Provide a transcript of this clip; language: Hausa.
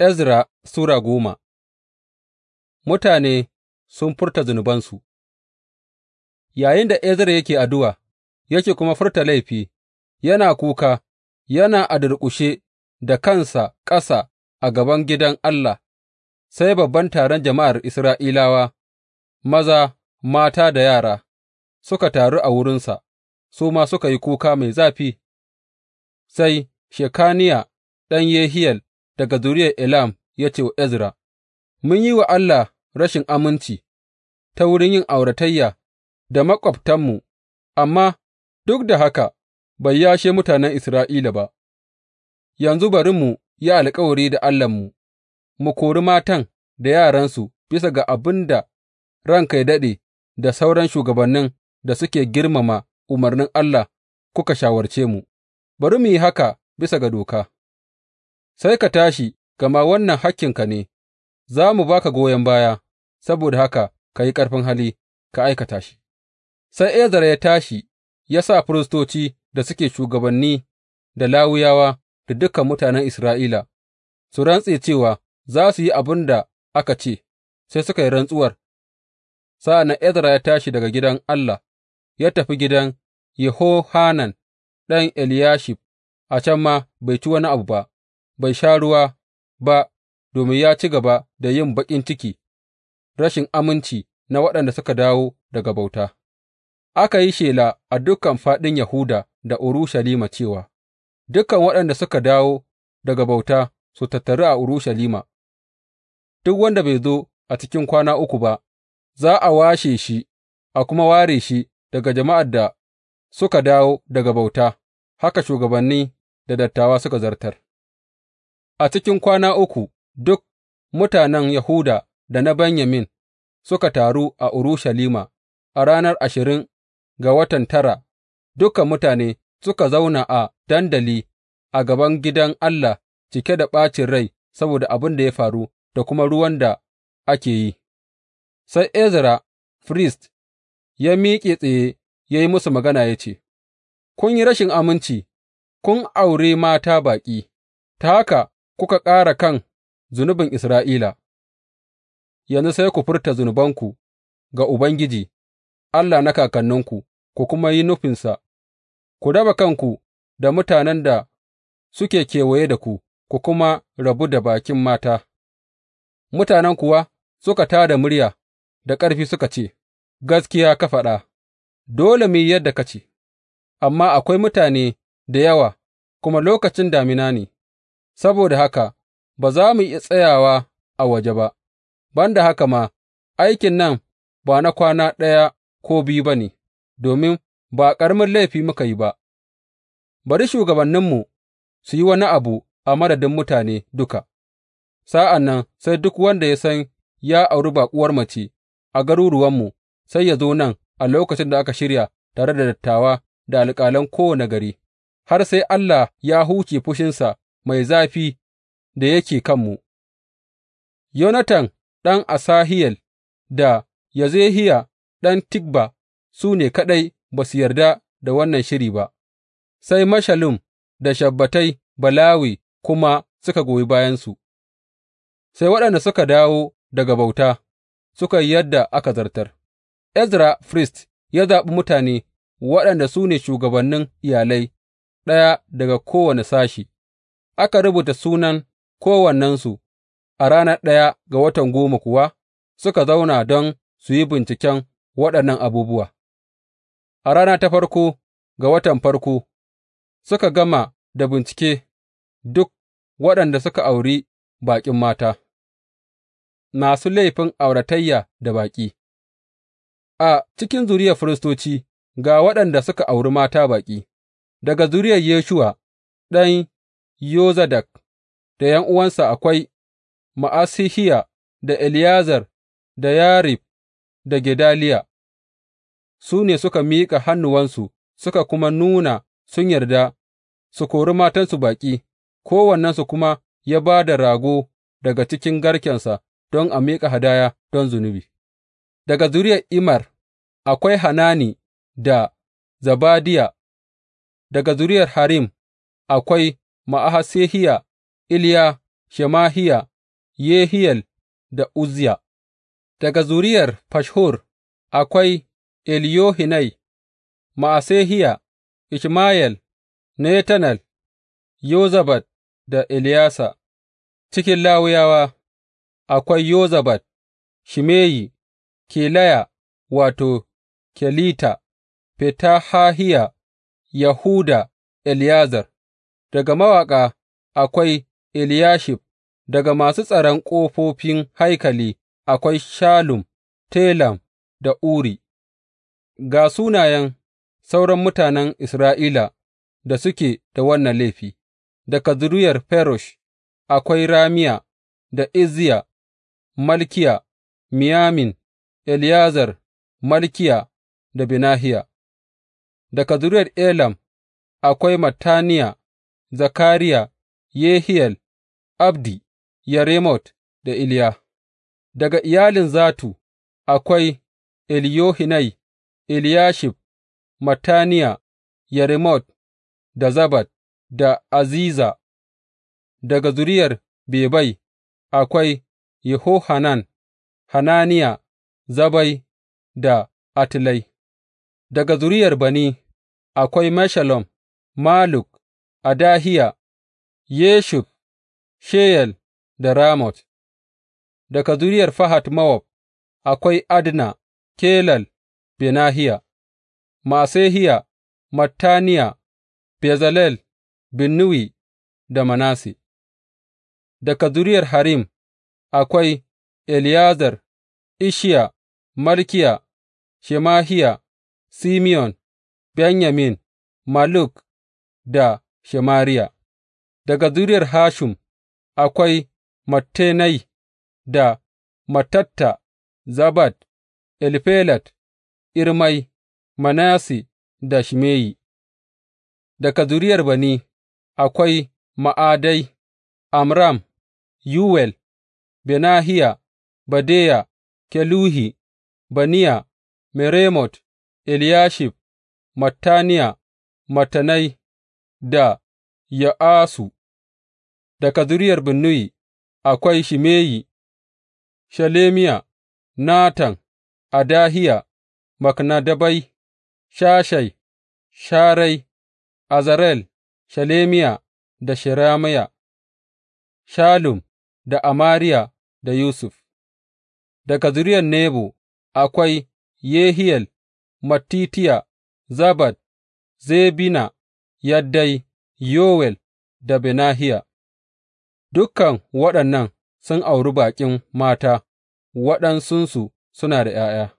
Ezra Sura goma Mutane sun furta zunubansu Yayinda Ezra yake addu'a, yake kuma furta laifi, yana kuka, yana a durƙushe da kansa ƙasa a gaban gidan Allah, sai babban taron jama'ar Isra'ilawa, maza, mata da yara, suka taru a wurinsa, su ma suka yi kuka mai zafi, sai Shekaniya ɗan Yehiyel. daga zuriyar Elam ya ce wa Ezra, Mun yi wa Allah rashin aminci ta wurin yin auratayya da maƙwabtanmu, amma duk da haka bai yashe mutanen Isra'ila ba, yanzu bari mu yi alkawari da Allahnmu, mu kori matan da yaransu bisa ga abin da ranka ya daɗe da sauran shugabannin da suke girmama umarnin Allah kuka shawarce mu, bari mu yi haka bisa ga doka. Sai ka tashi, gama wannan hakkinka ne, za mu ba ka goyon baya, saboda haka ka yi ƙarfin hali ka aikata shi. Sai Ezra ya tashi ya sa firistoci da suke shugabanni da Lawiyawa da dukan mutanen Isra'ila su rantse cewa za su yi abin da aka ce, sai suka yi rantsuwar. Sa'an nan Ezra ya tashi daga gidan Allah, ya tafi gidan Yehohanan ɗan Eliyashib, a can ma bai ci wani abu ba, bai sha ruwa ba domin ya ci gaba da yin baƙin ciki, rashin aminci na waɗanda suka dawo daga bauta. Aka yi shela a dukan faɗin Yahuda da Urushalima cewa, Dukan waɗanda suka dawo daga bauta su tattaru a Urushalima, duk wanda bai zo a cikin kwana uku ba, za a washe shi, a kuma ware shi daga jama'ar da suka dawo daga bauta, haka shugabanni da dattawa suka zartar. A cikin kwana uku duk mutanen Yahuda da na Benyamin suka taru a Urushalima a ranar ashirin ga watan tara, dukan mutane suka zauna a dandali a gaban gidan Allah cike da ɓacin rai saboda abin da ya faru da kuma ruwan da ake yi, sai Ezra frist ya miƙe tsaye ya yi musu magana ya ce, Kun yi rashin aminci, kun aure mata baƙi, ta haka kuka ƙara kan zunubin Isra'ila, yanzu sai ku furta zunubanku ga Ubangiji, Allah na kakanninku, ku kuma yi nufinsa, ku raba kanku da mutanen da suke kewaye da ku, ku kuma rabu da bakin mata. Mutanen kuwa suka tā da murya da ƙarfi suka ce, Gaskiya ka faɗa, dole mu yi yadda ka ce, amma akwai mutane da yawa, kuma lokacin damina ne. saboda haka ba za mu iya tsayawa a waje ba, ban da haka ma, aikin nan ba na kwana ɗaya ko biyu ba ne, domin ba ƙaramin laifi muka yi ba, bari shugabanninmu su yi wani abu a madadin mutane duka, sa'an nan sai duk wanda ya san ya auri baƙuwar mace a garuruwanmu sai ya zo nan a lokacin da aka shirya tare da dattawa da alƙalan kowane gari, har sai Allah ya huce fushinsa mai zafi da yake kanmu, Yonatan ɗan Asahiyel da Yazehiya ɗan Tikba su ne kaɗai ba su yarda da wannan shiri ba, sai Mashalum da Shabbatai Balawi kuma suka goyi bayansu, sai waɗanda suka dawo daga bauta suka yi yadda aka zartar. Ezra Frist ya zaɓi mutane waɗanda su ne shugabannin iyalai, ɗaya daga kowane sashi. aka rubuta sunan kowannensu, a ranar ɗaya ga watan goma kuwa suka zauna don su yi binciken waɗannan abubuwa. A rana ta farko ga watan farko suka gama da bincike duk waɗanda suka auri baƙin mata, masu laifin auratayya da baƙi. A cikin zuriyar firistoci ga waɗanda suka auri mata baƙi, daga zuriyar Yeshuwa ɗan Yozadak, da ’yan'uwansa akwai Maasihiya da Eleyazar, da Yarib, da Gedaliya, su ne suka miƙa hannuwansu suka kuma nuna sun yarda su kori matansu baƙi, kowannensu kuma ya ba da rago daga cikin garkensa don a miƙa hadaya don zunubi, daga zuriyar Imar akwai Hanani da Zebadiya, daga zuriyar Harim akwai. Ma'asehiya, Iliya, Shemahiya, Yehiyel da Uzziya; daga zuriyar Fashhur akwai Eliyohinai, Ma'asehiya, Ishmayel, Netanel, Yozabad da Eliyasa, cikin Lawuyawa akwai Yozabad, Shimeyi, Kelaya wato, Kelita, Fetahahiya, Yahuda, Eliyazar. daga mawaƙa akwai Eliyashib, daga masu tsaron ƙofofin haikali akwai Shalum, Telam da Uri, ga sunayen sauran mutanen Isra'ila da suke da wannan laifi, daga zuriyar Ferosh akwai Ramiya da Izziya, Malkiya, Miyamin, Eleyazar, Malkiya da Benahiya, daga zuriyar Elam akwai Mattaniya. Zakariya, Yehiyel, Abdi, Yeremot da Iliya; daga iyalin zatu akwai eliyohinai Eliyashib, Mataniya, Yeremot da Zabad da Aziza; daga zuriyar Bebai akwai Yehohanan, Hananiya, Zabai da atlai daga zuriyar Bani akwai Meshalom, maluk Adahiya, Yashub, Sheyal da Ramot; daga zuriyar Fahat Mowab akwai Adna, Kelal, Benahiya, Masehiya, Mattaniya, Bezalel, Binnuwi da Manasi. daga zuriyar Harim akwai eliyazar Ishiya, Malkiya, Shemahiya, simeon Benyamin, Maluk da. Shemariya; daga zuriyar Hashum akwai Mattenai da Matatta, Zabad, elfelat Irmai, Manasse da Shimeyi; daga zuriyar Bani akwai Ma'adai, Amram, Yuwel, Benahiya, Badeya, Keluhi, Baniya, Meremot, Eliyashib, Mattaniya, matanai da Ya'asu, daga zuriyar Binnuyi akwai Shimeyi, Shelemiya, Natan, Adahiya, Makna'dabai, Shashai, Sharai, Azarel, Shelemiya da Shiramiya, Shalum da Amariya da Yusuf, daga zuriyar Nebo akwai Yehiyel, Mattitiya, Zabad, Zebina. Yaddai, Yowel da Benahiya, dukan waɗannan sun auri baƙin mata, waɗansunsu suna da ’ya'ya.